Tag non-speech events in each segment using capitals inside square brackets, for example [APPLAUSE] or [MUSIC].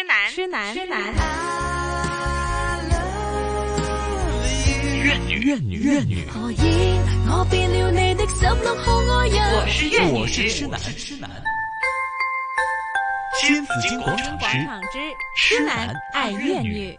痴男，痴男，怨女，怨女，怨女。我是痴男，痴男。金紫荊廣場之痴男愛怨女。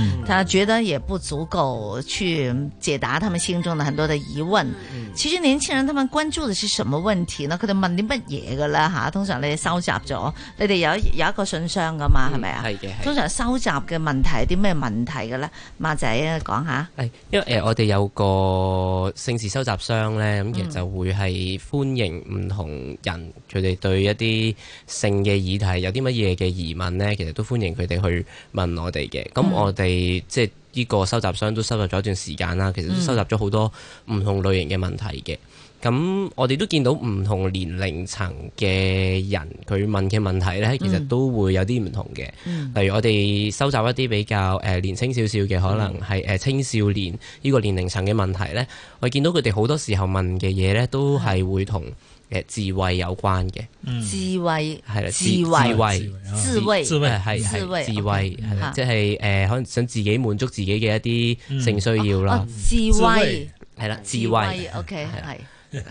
嗯、他覺得也不足夠去解答他們心中的很多的疑問。其實、嗯、年輕人他們關注的是什麼問題呢？佢哋問啲乜嘢嘅咧？吓，通常你哋收集咗，你哋有有一個信箱噶嘛，係咪啊？係吧通常收集嘅問題係啲咩問題嘅咧？馬仔講下。係因為誒、呃，我哋有個性事收集箱咧，咁其實就會係歡迎唔同人，佢哋、嗯、對一啲性嘅議題有啲乜嘢嘅疑問咧，其實都歡迎佢哋去問我哋嘅。咁我、嗯。係即係呢個收集箱都收集咗一段時間啦，其實收集咗好多唔同類型嘅問題嘅。咁、嗯、我哋都見到唔同年齡層嘅人，佢問嘅問題呢，其實都會有啲唔同嘅。嗯、例如我哋收集一啲比較誒年輕少少嘅，可能係誒青少年呢個年齡層嘅問題呢，我見到佢哋好多時候問嘅嘢呢，都係會同。誒自慰有關嘅自慰係啦，自慰自慰自慰係自慰係啦，即係誒可能想自己滿足自己嘅一啲性需要啦。自慰係啦，自慰 OK 係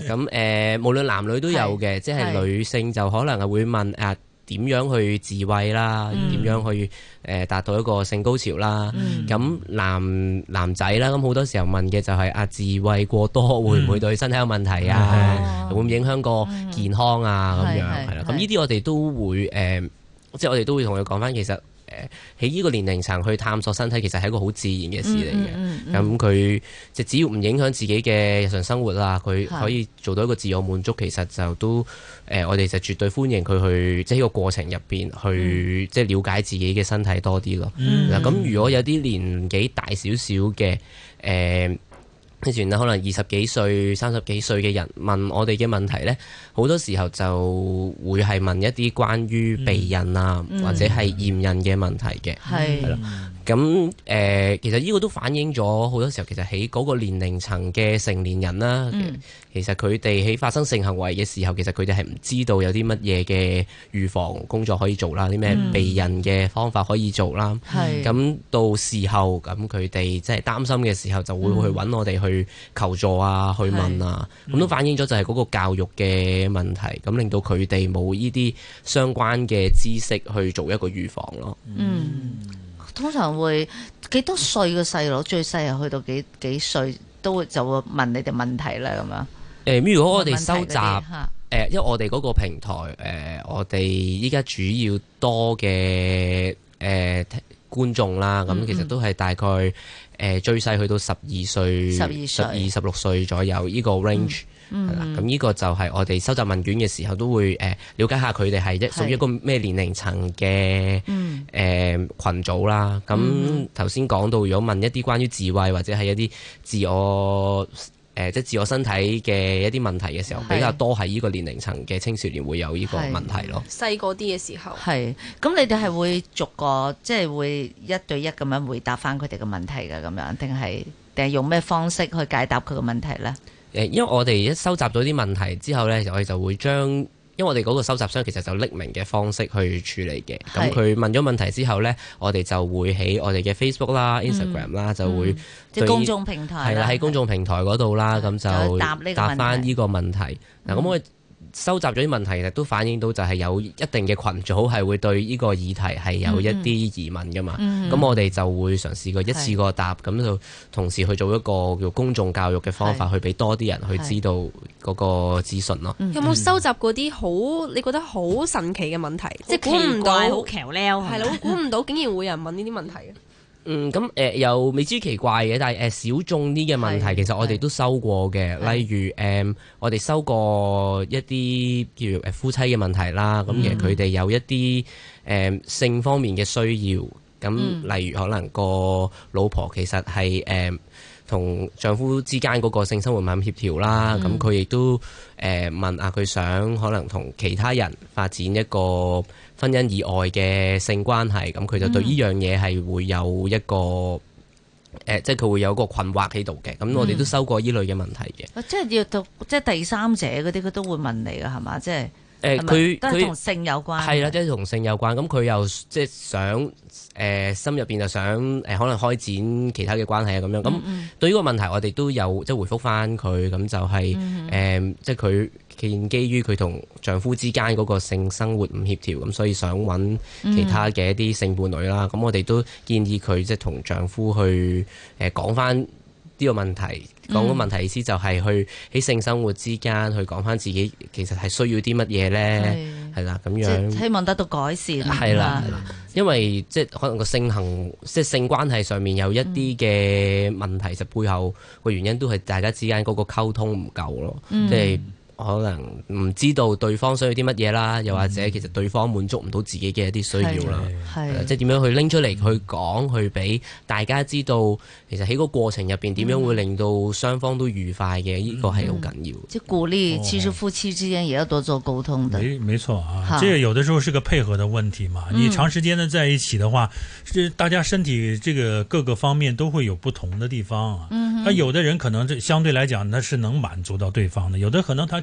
咁誒，無論男女都有嘅，的即係女性就可能係會問誒。啊點樣去自慰啦？點、嗯、樣去誒、呃、達到一個性高潮啦？咁、嗯、男男仔啦，咁好多時候問嘅就係、是、啊，自慰過多會唔會對身體有問題啊？嗯、會唔會影響個健康啊？咁、嗯、樣係啦，咁呢啲我哋都會誒，即、呃、係、就是、我哋都會同佢講翻其實。誒喺呢個年齡層去探索身體，其實係一個好自然嘅事嚟嘅。咁佢就只要唔影響自己嘅日常生活啦，佢可以做到一個自我滿足，其實就都誒、呃，我哋就絕對歡迎佢去，即係呢個過程入邊去，即係了解自己嘅身體多啲咯。嗱，咁如果有啲年紀大少少嘅誒。呃跟前可能二十幾歲、三十幾歲嘅人問我哋嘅問題呢，好多時候就會係問一啲關於避孕啊，嗯、或者係驗孕嘅問題嘅，係、嗯。的咁誒、呃，其實呢個都反映咗好多時候、嗯、時候，其實喺嗰個年齡層嘅成年人啦，其實佢哋喺發生性行為嘅時候，其實佢哋係唔知道有啲乜嘢嘅預防工作可以做啦，啲咩避孕嘅方法可以做啦。咁、嗯、到事後，咁佢哋即係擔心嘅時候，就，時候就會去揾我哋去求助啊，嗯、去問啊。咁、嗯、都反映咗就係嗰個教育嘅問題，咁令到佢哋冇呢啲相關嘅知識去做一個預防咯。嗯。通常會幾多歲嘅細佬，最細係去到幾幾歲都會就會問你哋問題咧咁樣？誒、呃，如果我哋收集、呃，因為我哋嗰個平台誒、呃，我哋依家主要多嘅誒、呃、觀眾啦，咁、嗯嗯、其實都係大概誒、呃、最細去到十二歲、十二、十二、十六歲左右呢個 range。嗯嗯嗯，咁呢個就係我哋收集問卷嘅時候都會誒、呃、了解下佢哋係一屬於一個咩年齡層嘅誒是、呃、群組啦。咁頭先講到如果問一啲關於智慧或者係一啲自我誒即係自我身體嘅一啲問題嘅時候，是比較多係呢個年齡層嘅青少年會有呢個問題咯。細個啲嘅時候係咁，你哋係會逐個即係、就是、會一對一咁樣回答返佢哋嘅問題㗎，咁樣定係定係用咩方式去解答佢嘅問題咧？誒，因為我哋一收集到啲問題之後呢，我哋就會將，因為我哋嗰個收集箱其實就匿名嘅方式去處理嘅，咁佢是問咗問題之後呢，我哋就會喺我哋嘅 Facebook 啦、Instagram 啦，嗯、就會、嗯、即公眾平台係啦，喺公眾平台嗰度啦，咁的就答返呢個問題。嗱，咁、嗯、我。收集咗啲問題，其實都反映到就係有一定嘅群組係會對呢個議題係有一啲疑問㗎嘛。咁、嗯嗯、我哋就會嘗試過一次過答，咁就是同時去做一個叫公眾教育嘅方法，是去俾多啲人去知道嗰是個資訊咯。有冇、嗯、收集過啲好你覺得好神奇嘅問題？即係估唔到，係囉，估唔嗎到是是 [LAUGHS] 竟然會有人問呢啲問題。嗯，咁、嗯、誒、呃、又未知奇怪嘅，但係誒、呃、小眾啲嘅問題，是其實我哋都收過嘅，是例如誒、呃、我哋收過一啲叫誒夫妻嘅問題啦，咁的、嗯、其實佢哋有一啲誒、呃、性方面嘅需要，咁、呃嗯、例如可能個老婆其實係誒、呃同丈夫之間嗰個性生活唔協調啦，咁佢亦都誒問啊，佢想可能同其他人發展一個婚姻以外嘅性關係，咁佢就對呢樣嘢係會有一個誒、嗯呃，即係佢會有個困惑喺度嘅。咁、嗯、我哋都收過呢類嘅問題嘅、嗯，即係要讀即係第三者嗰啲，佢都會問你噶，係嘛？即係。誒佢同性有關係啦，即係同性有關。咁佢又即係想誒、呃、心入邊就想誒、呃、可能開展其他嘅關係啊，咁樣。咁對依個問題，我哋都有即係回覆翻佢，咁就係、是、誒、呃、即係佢建基於佢同丈夫之間嗰個性生活唔協調，咁所以想揾其他嘅一啲性伴侶啦。咁、嗯嗯、我哋都建議佢即係同丈夫去誒、呃、講翻。呢個問題講個問題，意思就係去喺性生活之間去講返自己其實係需要啲乜嘢呢？係啦，咁樣。希望得到改善。係啦、嗯，因為即係可能個性行即係性關係上面有一啲嘅問題，就背後個原因都係大家之間嗰個溝通唔夠咯，嗯、即係。可能唔知道對方需要啲乜嘢啦，又或者其實對方滿足唔到自己嘅一啲需要啦，係、嗯、即係點樣去拎出嚟去講去俾大家知道，其實喺個過程入邊點樣會令到雙方都愉快嘅，呢、嗯、個係好緊要。嗯、即係鼓勵其實夫妻之間也要多做溝通的。哦、沒沒錯啊，是這有的時候是個配合的問題嘛。你長時間的在一起的話，就、嗯、大家身體這個各個方面都會有不同的地方啊。那、嗯、有的人可能就相對來講，那是能滿足到對方的；有的可能他。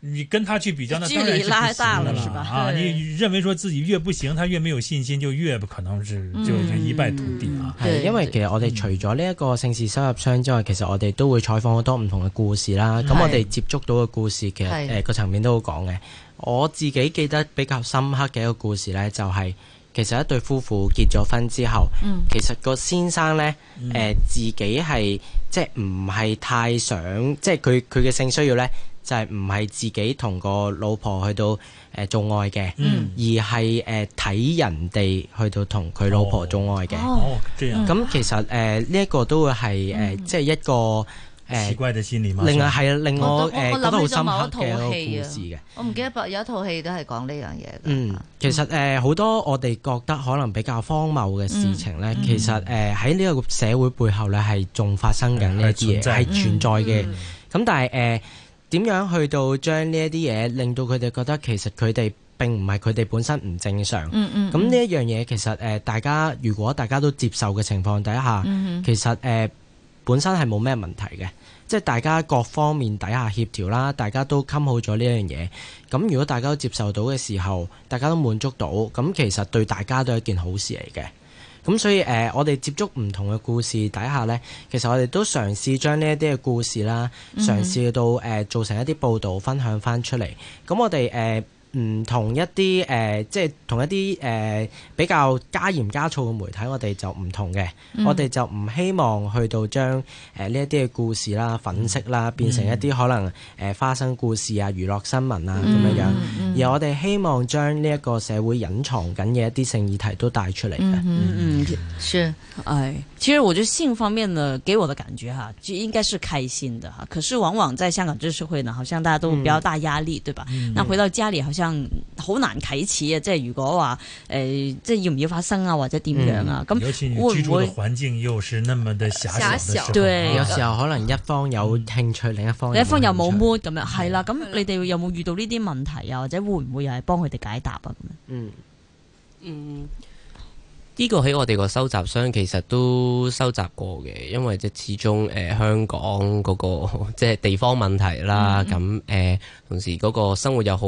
你跟他去比較，那距離拉大了啦，係吧？啊，你認為說自己越不行，他越沒有信心，就越不可能是就一敗塗地啊、嗯！因為其實我哋除咗呢一個性事收入商之外，其實我哋都會採訪好多唔同嘅故事啦。咁我哋接觸到嘅故事，其實誒個層面都好廣嘅。我自己記得比較深刻嘅一個故事呢，就係、是、其實一對夫婦結咗婚之後，嗯、其實個先生呢，誒、呃、自己係即係唔係太想，即係佢佢嘅性需要呢。就係唔係自己同個老婆去到誒做愛嘅，而係誒睇人哋去到同佢老婆做愛嘅。哦，咁其實誒呢一個都會係誒即係一個誒奇怪嘅先例。另外係啊，令我誒覺得好深刻嘅故事嘅。我唔記得有一套戲都係講呢樣嘢。嗯，其實誒好多我哋覺得可能比較荒謬嘅事情咧，其實誒喺呢個社會背後咧係仲發生緊呢一啲嘢，係存在嘅。咁但係誒。點樣去到將呢一啲嘢令到佢哋覺得其實佢哋並唔係佢哋本身唔正常？嗯、嗯、咁呢一樣嘢其實誒，大家、呃、如果大家都接受嘅情況底下，其實誒、呃、本身係冇咩問題嘅，即係大家各方面底下協調啦，大家都傾好咗呢樣嘢。咁如果大家都接受到嘅時候，大家都滿足到，咁其實對大家都係一件好事嚟嘅。咁所以誒、呃，我哋接觸唔同嘅故事底下呢，其實我哋都嘗試將呢一啲嘅故事啦，嗯、哼嘗試到誒、呃、造成一啲報導分享翻出嚟。咁我哋誒、呃唔同一啲誒、呃、即係同一啲誒、呃、比較加鹽加醋嘅媒體我哋就唔同嘅。我哋就唔、嗯、希望去到將誒呢一啲嘅故事啦、粉飾啦，變成一啲可能誒、嗯呃、花生故事啊、娛樂新聞啊咁樣樣，嗯、而我哋希望將呢一個社會隱藏緊嘅一啲性議題都帶出嚟嘅、嗯。嗯嗯，嗯是，係、哎。其實我覺得性方面呢，給我的感覺覺、啊、嚇，就應該是開心的嚇。可是往往，往在香港呢個社會呢，好像大家都比較大壓力，對吧？那回到家裏好像大大。好難啟齒啊！即係如果話誒、呃，即係要唔要發生啊，或者點樣啊？咁會唔會？居住嘅環境又是那麼的狹小。有時候會會對，有時候可能一方有興趣，另一方有有另一方又冇 mood 咁樣，係啦。咁你哋有冇遇到呢啲問題啊？或者會唔會又係幫佢哋解答啊咁樣？嗯，嗯嗯。呢個喺我哋個收集箱其實都收集過嘅，因為即始終誒、呃、香港嗰、嗰個即係地方問題啦，咁誒、嗯呃、同時嗰個生活又好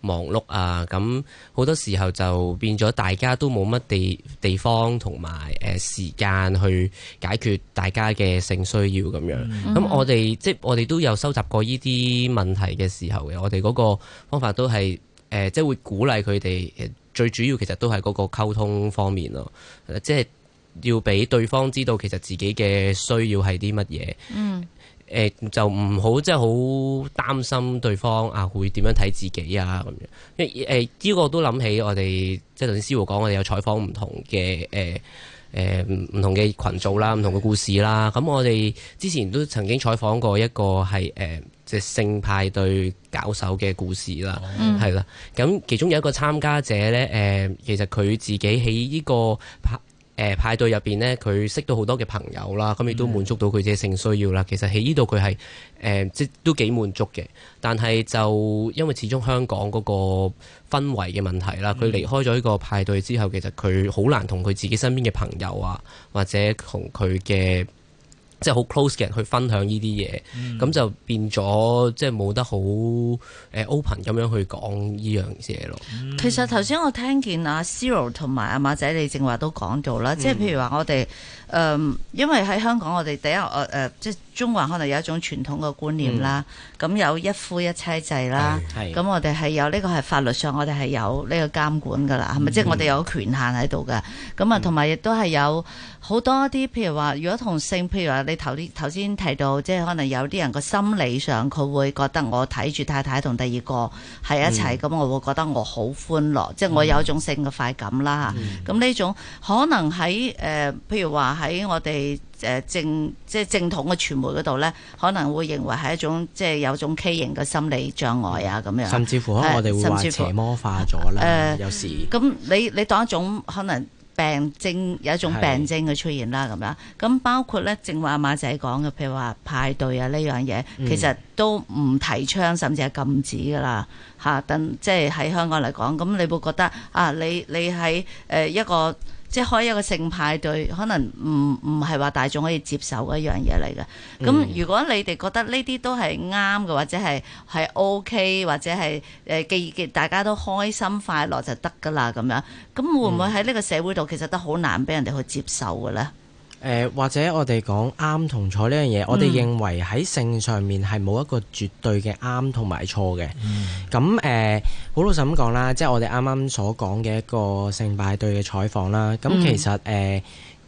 忙碌啊，咁好多時候就變咗大家都冇乜地地方同埋誒時間去解決大家嘅性需要咁樣。咁、嗯、我哋、嗯、即我哋都有收集過呢啲問題嘅時候嘅，我哋嗰個方法都係。誒、呃，即係會鼓勵佢哋。誒、呃，最主要其實都係嗰個溝通方面咯。即係要俾對方知道，其實自己嘅需要係啲乜嘢。嗯。誒、呃，就唔好即係好擔心對方啊，會點樣睇自己啊咁樣。因為誒，呢、呃呢個都諗起我哋，即係頭先師傅講，我哋有採訪唔同嘅誒誒唔同嘅群組啦，唔同嘅故事啦。咁、呃、我哋之前都曾經採訪過一個係誒。呃即係性派對搞手嘅故事啦，係啦、嗯，咁其中有一個參加者咧，誒、呃，其實佢自己喺呢個派誒派對入邊咧，佢識到好多嘅朋友啦，咁亦都滿足到佢自己性需要啦。嗯、其實喺呢度佢係誒即都幾滿足嘅，但係就因為始終香港嗰個氛圍嘅問題啦，佢離開咗呢個派對之後，其實佢好難同佢自己身邊嘅朋友啊，或者同佢嘅，即係好 close 嘅人去分享呢啲嘢，咁、嗯、就變咗即係冇得好誒 open 咁樣去講呢樣嘢咯。嗯、其實頭先我聽見阿 Zero 同埋阿馬仔你正話都講到啦，嗯、即係譬如話我哋誒、呃，因為喺香港我哋第一誒即係。中華可能有一種傳統嘅觀念啦，咁有一夫一妻制啦，咁我哋係有呢個係法律上我哋係有呢個監管噶啦，係咪？即係我哋有權限喺度㗎。咁啊，同埋亦都係有好多啲，譬如話，如果同性，譬如話你頭啲頭先提到，即係可能有啲人個心理上，佢會覺得我睇住太太同第二個喺一齊，咁我會覺得我好歡樂，即係我有一種性嘅快感啦。咁呢種可能喺誒，譬如話喺我哋。誒，正即係正統嘅傳媒嗰度咧，可能會認為係一種即係有種畸形嘅心理障礙啊，咁樣甚至乎我哋會話邪魔化咗啦，有時咁、呃、你你當一種可能病症，有一種病症嘅出現啦，咁樣咁包括咧，正話馬仔講嘅，譬如話派對啊呢樣嘢，其實都唔提倡，甚至係禁止噶啦吓，等即係喺香港嚟講，咁你會覺得啊，你你喺誒、呃、一個。一個一個即係開一個性派對，可能唔唔係話大眾可以接受嘅一樣嘢嚟嘅。咁、嗯、如果你哋覺得呢啲都係啱嘅，或者係係 OK，或者係誒記記大家都開心快樂就得㗎啦咁樣。咁會唔會喺呢個社會度其實都好難俾人哋去接受嘅咧？誒或者我哋講啱同錯呢樣嘢，嗯、我哋認為喺性上面係冇一個絕對嘅啱同埋錯嘅。咁誒、嗯，好老實咁講啦，即係、呃就是、我哋啱啱所講嘅一個性派對嘅採訪啦。咁其實誒誒、呃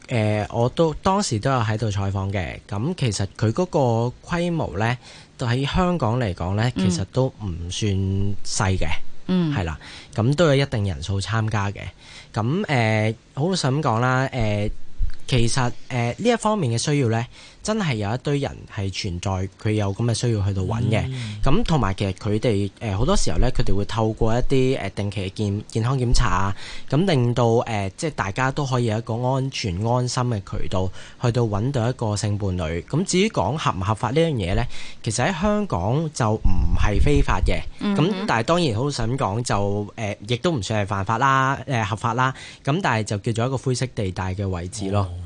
呃，我都當時都有喺度採訪嘅。咁其實佢嗰個規模呢，喺香港嚟講呢，其實都唔算細嘅、嗯。嗯，係啦、嗯，咁都有一定人數參加嘅。咁誒，好老實咁講啦，誒。呃呃其實，誒、呃、呢一方面嘅需要咧。真係有一堆人係存在，佢有咁嘅需要去到揾嘅。咁同埋其實佢哋誒好多時候呢，佢哋會透過一啲誒定期嘅健健康檢查啊，咁令到誒、呃、即係大家都可以有一個安全安心嘅渠道，去到揾到一個性伴侶。咁、啊、至於講合唔合法呢樣嘢呢，其實喺香港就唔係非法嘅。咁、嗯、哼但係當然好想講就誒、呃，亦都唔算係犯法啦，誒、呃、合法啦。咁但係就叫做一個灰色地帶嘅位置咯。哦。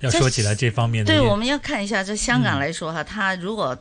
要說起來這方面，對我們要看一下，就香港來說哈，嗯、他如果，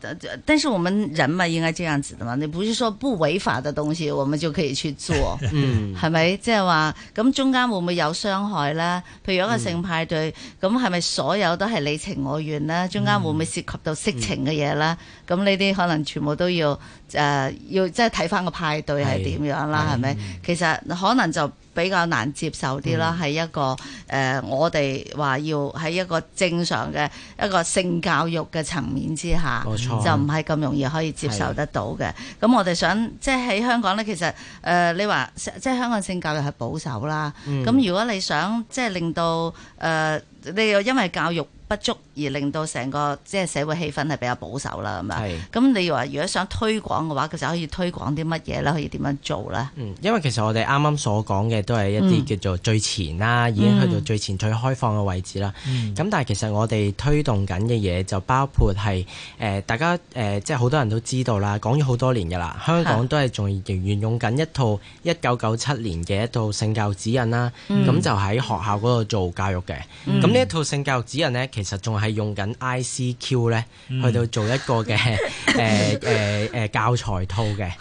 但係我們人嘛，應該這樣子的嘛。你不是說不違法的東西，我咪就可以去做，係咪、 [LAUGHS] 嗯？即係話咁中間會唔會有傷害咧？譬如一個性派對，咁係咪所有都係你情我願咧？中間會唔會涉及到色情嘅嘢咧？咁呢啲可能全部都要誒、呃，要即係睇翻個派對係點樣啦，係咪？其實可能就。比較難接受啲啦，係、嗯、一個誒、呃，我哋話要喺一個正常嘅一個性教育嘅層面之下，錯就唔係咁容易可以接受得到嘅。咁是我哋想即係喺香港呢，其實誒、呃、你話即係香港性教育係保守啦。咁、嗯、如果你想即係令到誒，你又因為教育，不足而令到成個即係社會氣氛係比較保守啦，咁樣。咁是你話，如果想推廣嘅話，其實可以推廣啲乜嘢咧？可以點樣做咧、嗯？因為其實我哋啱啱所講嘅都係一啲叫做最前啦，嗯、已經去到最前最開放嘅位置啦。咁、嗯嗯、但係其實我哋推動緊嘅嘢就包括係誒、呃、大家誒、呃、即係好多人都知道啦，講咗好多年嘅啦，香港都係仲仍然用緊一套一九九七年嘅一套性教指引啦，咁就喺學校嗰度做教育嘅。咁呢一套性教育指引咧。其實仲係用緊 ICQ 咧，嗯、去到做一個嘅誒誒誒教材套嘅。咁誒、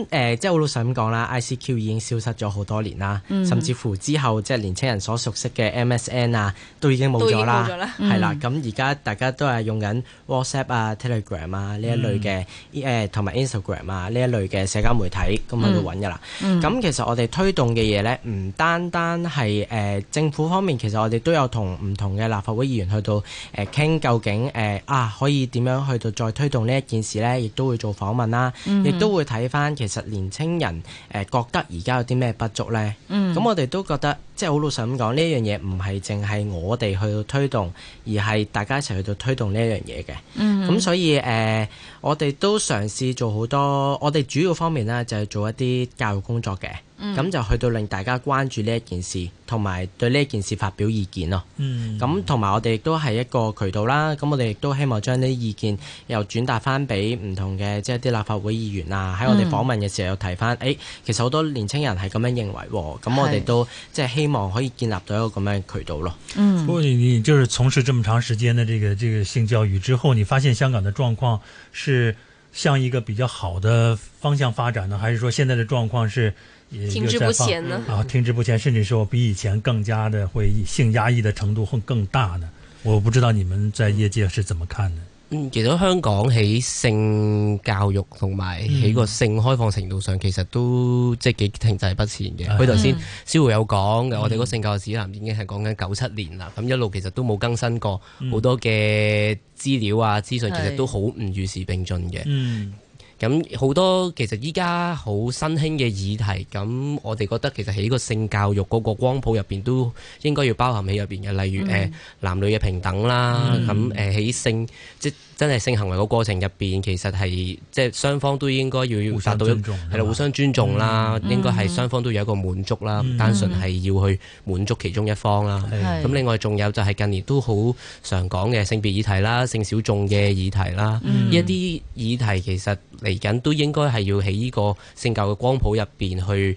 嗯呃、即係好老實咁講啦，ICQ 已經消失咗好多年啦。嗯、甚至乎之後即係年青人所熟悉嘅 MSN 啊，都已經冇咗啦。係啦，咁而家大家都係用緊 WhatsApp 啊、Telegram 啊呢 Tele、啊、一類嘅誒，同埋、嗯、Instagram 啊呢一類嘅社交媒體咁去度揾噶啦。咁、嗯嗯嗯、其實我哋推動嘅嘢咧，唔單單係誒、呃呃、政府方面，其實我哋都有同唔同嘅立法會議、議員去。到誒傾究竟誒，啊可以點樣去到再推動呢一件事呢？亦都會做訪問啦，mm hmm. 亦都會睇翻，其實年青人誒覺得而家有啲咩不足咧。咁、mm hmm. 嗯、我哋都覺得。即係好老實咁講，呢一樣嘢唔係淨係我哋去到推動，而係大家一齊去到推動呢一樣嘢嘅。咁所以誒我哋都嘗試做好多，我哋主要方面咧就係做一啲教育工作嘅。咁就去到令大家關注呢一件事，同埋對呢一件事發表意見咯。咁同埋我哋亦都係一個渠道啦。咁我哋亦都希望將啲意見又轉達翻俾唔同嘅，即係啲立法會議員啊，喺我哋訪問嘅時候又提翻。誒其實好多年青人係咁樣認為，咁我哋都即係希希望可以建立到一個咁樣渠道咯。嗯，不過你你就是從事這麼長時間的這個這個性教育之後，你發現香港的狀況是向一個比較好的方向發展呢，還是說現在的狀況是停滯不前呢？啊，停滯不前，甚至說比以前更加的會性壓抑的程度會更大呢？我不知道你們在業界是怎麼看呢？嗯，其實香港喺性教育同埋喺個性開放程度上，其實都即係幾停滯不前嘅。佢頭先先會有講嘅，我哋嗰個性教育指南已經係講緊九七年啦，咁一路其實都冇更新過好多嘅資料啊、資訊，其實都好唔與時並進嘅。嗯。咁好多其實而家好新興嘅議題，咁我哋覺得其實喺個性教育嗰個光譜入邊都應該要包含喺入邊嘅，例如誒、嗯呃、男女嘅平等啦，咁誒喺性即。真係性行為個過程入邊，其實係即係雙方都應該要達到一係啦，互相尊重啦，嗯、應該係雙方都有一個滿足啦，嗯、單純係要去滿足其中一方啦。咁、嗯、另外仲有就係近年都好常講嘅性別議題啦、性小眾嘅議題啦，呢一啲議題其實嚟緊都應該係要喺呢個性教嘅光譜入邊去。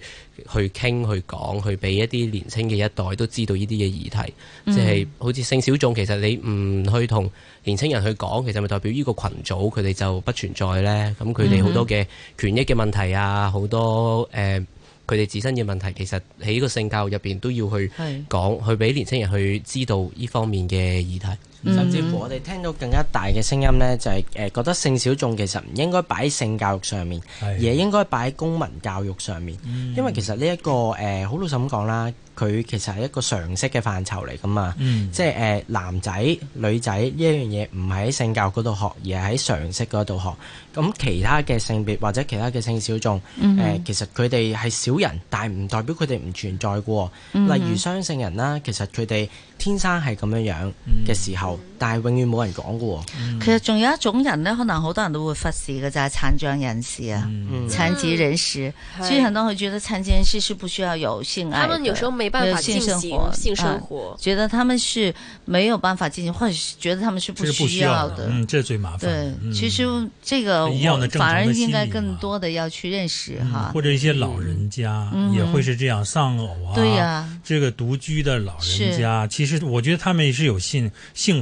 去傾、去講、去俾一啲年青嘅一代都知道呢啲嘅議題，嗯、哼即係好似性小眾，其實你唔去同年青人去講，其實咪代表呢個群組佢哋就不存在呢？咁佢哋好多嘅權益嘅問題啊，好多誒佢哋自身嘅問題，其實喺呢個性教育入邊都要去講，是去俾年青人去知道呢方面嘅議題。甚至乎我哋聽到更加大嘅聲音咧，就係誒覺得性小眾其實唔應該擺喺性教育上面，而係應該擺喺公民教育上面。因為其實呢一個誒好老實咁講啦，佢其實係一個常識嘅範疇嚟噶嘛。即係誒男仔、女仔呢一樣嘢唔係喺性教育嗰度學，而係喺常識嗰度學。咁其他嘅性別或者其他嘅性小眾誒，其實佢哋係少人，但係唔代表佢哋唔存在過。例如雙性人啦，其實佢哋天生係咁樣樣嘅時候。但係永遠冇人講過，其實仲有一種人呢，可能好多人都會忽視嘅，就係殘障人士啊、殘疾人士，啲人都會覺得殘疾人士是不需要有性愛，他們有時候沒辦法進行性生活，覺得他們是沒有辦法進行，或者覺得他們是不需要的，嗯，這是最麻煩的。其實這個反而應該更多的要去認識哈，或者一些老人家也會是這樣，喪偶啊，對呀，這個獨居的老人家，其實我覺得他們也是有性性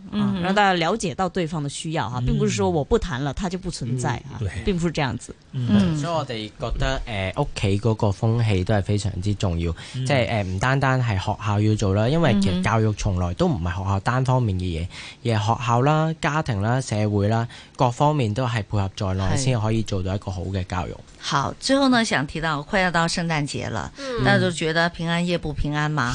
嗯，讓大家了解到對方嘅需要哈，並不是說我不談了，他就不存在啊，嗯、並不是這樣子。嗯，嗯，所以我哋覺得誒，屋企嗰個風氣都係非常之重要，即係誒唔單單係學校要做啦，因為其實教育從來都唔係學校單方面嘅嘢，嗯、而係學校啦、家庭啦、社會啦各方面都係配合在內，先可以做到一個好嘅教育。好，最後呢想提到，快要到聖誕節了，大家都覺得平安夜不平安嘛，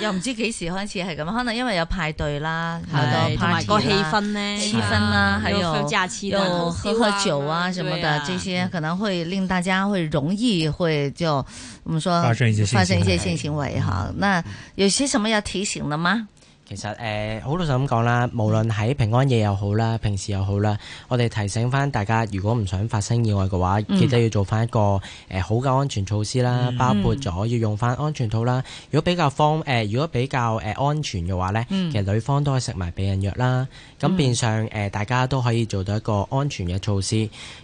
又唔知幾時開始係咁，可能因為有派對啦，好多 party 啦，氣氛呢，氣氛啦，還有假期，又喝喝酒啊什麼的，這些可能會令大家會容易會就，我們說發生一些發生一些性行為哈，好，那有些什麼要提醒的嗎？其實誒，好、呃、老實咁講啦，無論喺平安夜又好啦，平時又好啦，我哋提醒翻大家，如果唔想發生意外嘅話，其實、嗯、要做翻一個誒、呃、好嘅安全措施啦，嗯、包括咗要用翻安全套啦。如果比較方誒、呃，如果比較誒安全嘅話咧，嗯、其實女方都可以食埋避孕藥啦。咁變相誒，呃嗯、大家都可以做到一個安全嘅措施。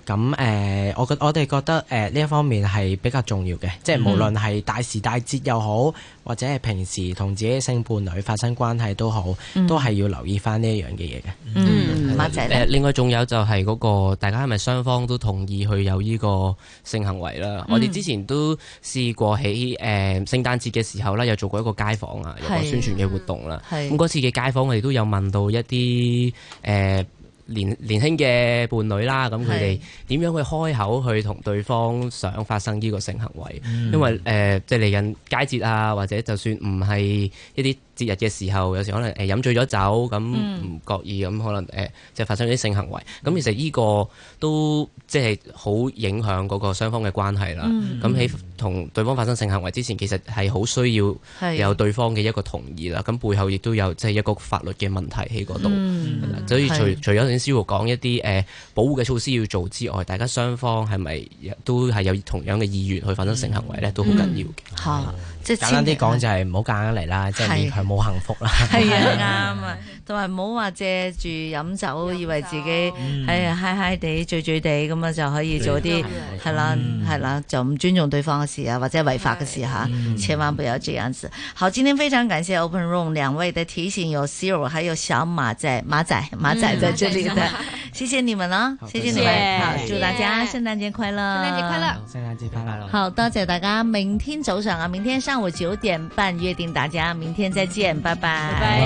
咁誒、呃，我我哋覺得誒呢、呃、一方面係比較重要嘅，即、就、係、是、無論係大時大節又好。或者係平時同自己嘅性伴侶發生關係都好，都係要留意翻呢一樣嘅嘢嘅。嗯，另外仲有就係嗰、那個，大家係咪雙方都同意去有呢個性行為啦？嗯、我哋之前都試過喺誒、呃、聖誕節嘅時候咧，有做過一個街訪啊，有個宣傳嘅活動啦。咁嗰次嘅街訪，我哋都有問到一啲誒，呃年年輕嘅伴侶啦，咁佢哋點樣去開口去同對方想發生呢個性行為？嗯，因為誒，呃，即係嚟緊佳節啊，或者就算唔係一啲。節日嘅時候，有時可能誒飲、呃、醉咗酒，咁唔覺意咁，可能誒、呃、即係發生啲性行為。咁其實呢個都即係好影響嗰個雙方嘅關係啦。咁喺同對方發生性行為之前，其實係好需要有對方嘅一個同意啦。咁背後亦都有即係一個法律嘅問題喺嗰度。所以除除咗需要講一啲誒、呃、保護嘅措施要做之外，大家雙方係咪都係有同樣嘅意願去發生性行為咧？都好緊要嘅。簡單啲講人就係唔好夾硬嚟啦，即係佢冇幸福啦。係啊，啱 [LAUGHS] 啊。 [LAUGHS] 同埋唔好話借住飲酒，以為自己唉嗨嗨地醉醉地咁啊就可以做啲係啦係啦，就唔尊重對方嘅事啊，或者違法嘅事嚇，千萬不要這樣子。好，今天非常感謝 Open Room 兩位的提醒，有 Siri 還有小馬仔馬仔馬仔，在這裡的，謝謝你們啦，謝謝你們，好祝大家聖誕節快樂！聖誕節快樂！聖誕節快樂！好，多謝大家明天早上啊，明天上午九點半約定大家，明天再見，拜拜。